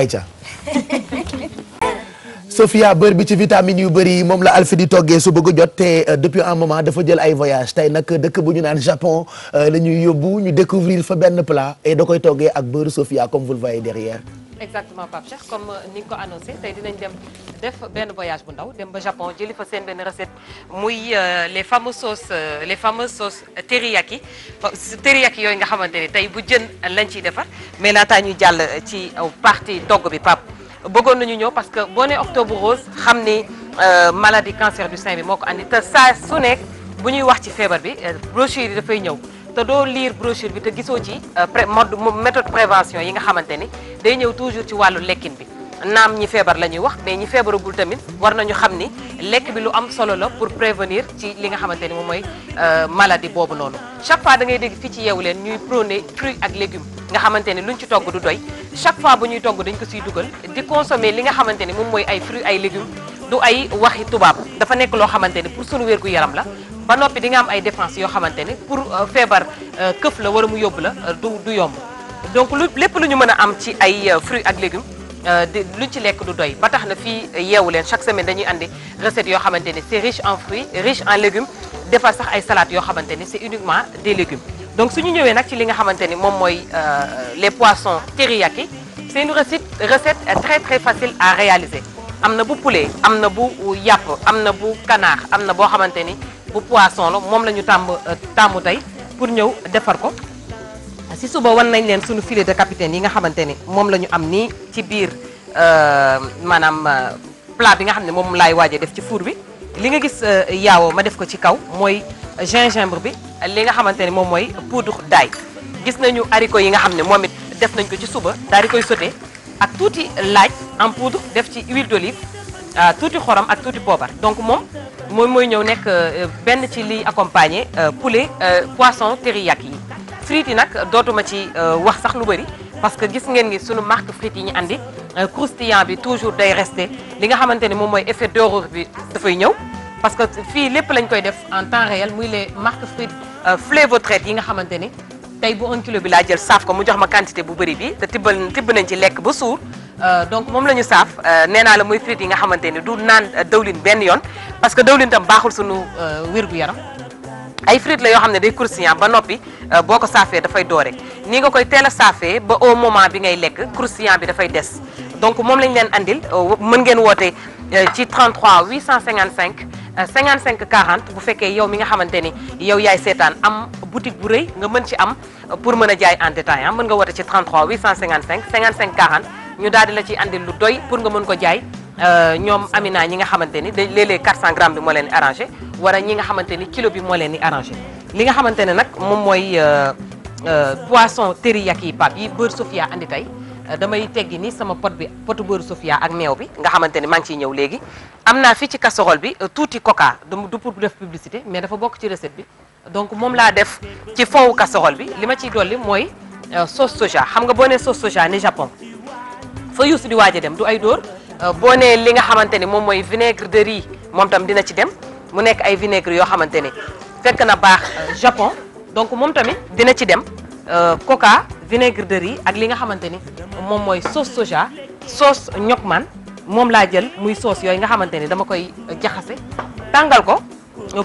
Aïcha Sophia beurre bi ci vitamine yu bëri yi moom la Alfie di toggee su bëgg jot te euh, depuis en moment dafa jël ay voyage tey nag dëkk bu ñu naan Japon euh, la ñuy yóbbu ñu découvrir fa benn plat et da koy toggee ak beurre Sophia comme vous le derrière exactement Pape Cheikh comme euh, ni nga ko annoncé tey dem def benn voyage bu ndaw dem ba Japon jëli fa seen benn recette muy euh, les fameuses sauces euh, les fameuses sauces teriyaki teriyaki yooyu nga xamante ni tey bu jën lañ ciy defar mais laataa ñuy jàll ci partie togg bi Pape bëggoon nañu ñëw parce que boo nee octobre rose xam ni maladie cancer du sein bi moo ko andi te saa su bu ñuy wax ci feebar bi brochure yi dafay ñëw te doo lire brochure bi te gisoo ci pré méthode prévention yi nga xamante ni. day ñëw toujours ci wàllu lekkin bi naam ñi feebar la ñuy wax mais ñi feebaragul tamit war nañu xam ni lekk bi lu am solo la pour prévenir ci li nga xamante ni moom mooy euh, maladie boobu noonu. chaque fois da ngay dégg ci yeewu leen ñuy prôné fruits ak légumes nga xamante ni luñ ci togg du doy chaque fois bu ñuy togg dañ ko siy dugal di consommer li nga xamante ni moom mooy ay fruits ay légumes du ay waxi tubaab dafa nekk loo xamante ni pour sunu wér gu yaram la. ba noppi di nga am ay dépenses yoo xamante ni pour euh, feebar euh, këf la war a mu yóbbu la du du yomb. donc lu lépp lu ñu mën a am ci ay euh, fruits ak légumes euh, luñ ci lekk du doy ba tax na fii euh, yeewu leen chaque semaine dañuy andi recette yoo xamante ni c'est riche en fruits riche en légumes defar sax ay salades yoo xamante ni c'est uniquement des légumes. donc su ñu ñëwee nag ci li nga xamante moom mooy le poissons teriyaki c'est une recette recette très très facile à réaliser am na bu poulet am na bu yàpp am na bu canard am na boo xamante ni bu poisson la moom la ñu tàmm tàmmu tey pour ñëw defar ko. si suba wan nañ leen suñu filet de capitaine yi nga xamante ni moom la ñu am nii ci biir euh, maanaam euh, plat bi nga xam ne moom laay waajee def ci four bi li nga gis euh, yaawoo ma def ko ci kaw mooy gingembre bi li nga xamante ni moom mooy poudre daay gis nañu haricot yi nga xam ne moom it def nañ ko ci suba daal di koy sauté ak tuuti laaj en poudre def ci huile d'olive tuuti xorom ak tuuti poobar donc moom moom mooy ñëw nekk benn ci li accompagner poulet poisson teriyaki yi frites yi nag dootuma ci euh, wax sax lu bëri parce que gis ngeen ni suñu marque frites yi ñu andi euh, croustillant bi toujours day resté li nga xamante ne moom mooy effet dorure bi dafay ñëw parce que fii lépp lañ koy def en temps réel muy les marques frites euh, flavotraites yi nga xamante ni tey bu un kilo bi laa jël saaf ko mu jox ma quantité bu bëri bi te tibbal tibb nañ ci lekk ba suur donc moom la ñu saaf nee naa la muy frites yi nga xamante ni du naan dawlin benn yoon parce que dawlin tam baaxul sunu wér gu yaram ay frites la yoo xam ne day croustillant ba noppi euh, boo ko saafee dafay doore ni nga koy teel a saafee ba au moment bi ngay lekk croustillant bi dafay des donc moom lañu leen andil euh, mën ngeen woote euh, ci 33 855 55 40 bu fekkee yow mi nga xamante ni yow yaay seetaan am boutique bu rëy nga mën ci am pour mën a jaay en détail ah mën nga woote ci 33 855 55 40 ñu daal di la ci andil lu doy pour nga mën ko jaay Euh, ñoom Amina ñi nga xamante ni day léeg-léeg 400 grammes bi moo leen arrangé wala ñi nga xamante ni kilo bi moo leen di arrangé li nga xamante ne nag moom mooy euh, euh, poisson teriyaki pap yi beurre sofia andi tey damay teggi ni sama pot bi pot beurre sofia ak meew bi nga xamante ni maa ngi ciy ñëw léegi am naa fii ci casserole bi tuuti coca du pour def publicité mais dafa bokk ci recette bi donc moom laa def ci fond casserole bi li ma ciy dolli mooy sauce soja xam nga boo nee sauce soja ni japon fa yuusu di waaja dem du ay dóor Euh, boo nee li nga xamante ni moom mooy vinaigre de riz moom tamit dina ci dem mu nekk ay vinaigre yoo xamante ni fekk na baax euh, japon donc moom tamit dina ci dem euh, coca vinaigre de riz ak li nga xamante ni moom mooy sauce soja sauce ñokman moom laa jël muy sauce yooyu nga xamante ni dama koy jaxase tàngal ko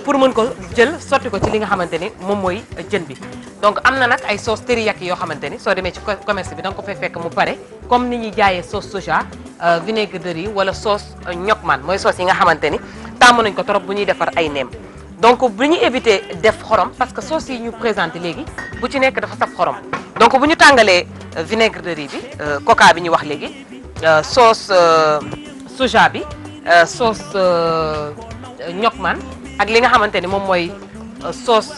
pour mën ko jël sotti ko ci li nga xamante ni moom mooy jën bi donc am na nag ay sauce teriyaki yoo xamante ni soo demee ci commerce bi da nga ko fekk mu pare comme ni ñuy jaayee sauce soja euh, vinaigre de riz wala sauce ñokman euh, mooy sauce yi nga xamante ni tàmm nañ ko trop bu ñuy defar ay neem donc bu ñu éviter def xorom parce que sauce yi ñu présenté léegi bu ci nekk dafa saf xorom donc bu ñu tàngalee euh, vinaigre de riz bi coca bi ñu wax léegi sauce soja bi sauce ñokman ak li nga xamante ni moom mooy sauce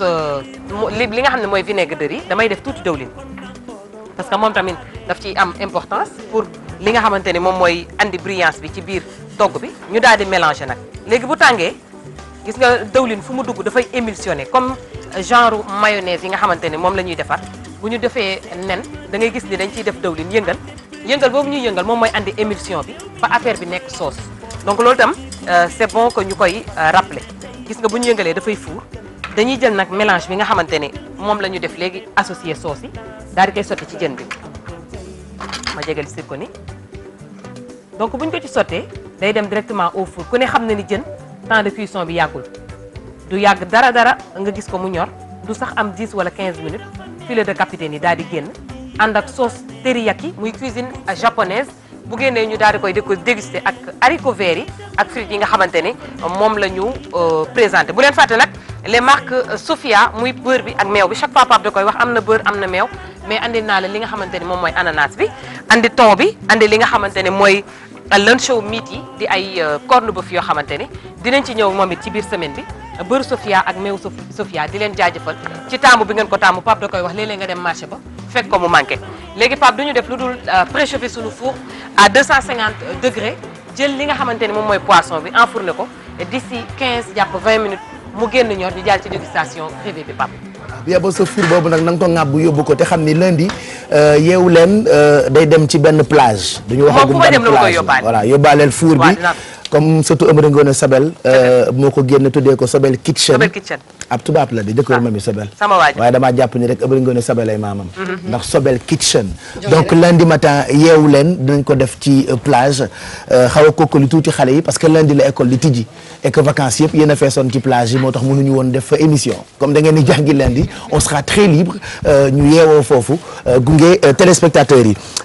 li nga xam ne mooy vinaigre de riz damay def tuuti dëwlin parce que moom tamit daf ciy am importance pour li nga xamante ni moom mooy andi brillance bi ci biir togg bi ñu daal di mélanger nag léegi bu tàngee gis nga dëwlin fu mu dugg dafay émulsionner comme genre mayonnaise yi nga xamante ni moom la ñuy defar bu ñu defee nen da ngay gis ni dañ ciy def dëwlin yëngal yëngal boobu ñuy yëngal moom mooy andi émulsion bi ba affaire bi nekk sauce donc loolu itam euh, c'est bon que ñu koy euh, rappeler gis nga bu ñu yëngalee dafay fuur dañuy jël nag mélange bi nga xamante ne moom la ñu def léegi associé sauce yi daal di sotti ci jën bi ma jegal si ko ni donc buñ ko ci sottee day dem directement au four ku ne xam na ni jën temps de cuisson bi yàggul du yàgg dara dara nga gis ko mu ñor du sax am 10 wala 15 minutes filet de capitaine yi daal di génn ànd ak sauce teriyaki muy cuisine japonaise bu génnee ñu daal di koy di ko déguster ak haricots yi ak frites yi nga xamante ne moom la ñu euh, présenté bu leen fàtte nag. les marques euh, Sofia muy beurre bi ak meew bi chaque fois Pape da koy wax am na bër am na meew mais indi naa la li nga xamante ne moom mooy ananas bi andi thon bi andi li nga xamante ne mooy euh, lunch show meat yi di ay euh, corned beef yoo xamante ne dinañ ci ñëw moom it ci biir semaine bi beurre Sofia ak meew Sofia di leen jaajëfal ci taamu bi ngeen ko taamu Pape da koy wax léeg-léeg nga dem marché ba fekk ko mu manqué léegi Pape du ñu def lu dul préchauffer suñu four à 250 degrés jël li nga xamante ne moom mooy poisson bi enfourné ko d'ici 15 jàpp 20 minutes mu génn ñor ñu jaar ci dégustation privée bi pap yow ah, ba sa fur boobu nag na nga ko ŋàbb yóbbu ko te xam ni lundi euh, yeewu leen euh, day dem ci benn plage. dañu wax ak benn plage voilà yóbbaaleel fuur bi comme surtout a Ngoone Sobel moo ko génn tuddee ko Sobel kitchen Sobel ab tubaab la di jëkkër ah, mami Sobel waaye damaa jàpp ni rek Amary Ngoone Sobel ay maamam mhm, mhm. ndax Sobel kitchen donc lundi matin yeewu leen dinañ ko def ci euh, plage euh, xaw a kokkali tuuti xale yi parce que lundi la école di tijji et que vacances yëpp a feesoon ci plage yi moo tax mënuñu woon def fa émission comme da ngeen jàngi lundi on sera très libre euh, ñu yeewoo foofu gunge téléspectateurs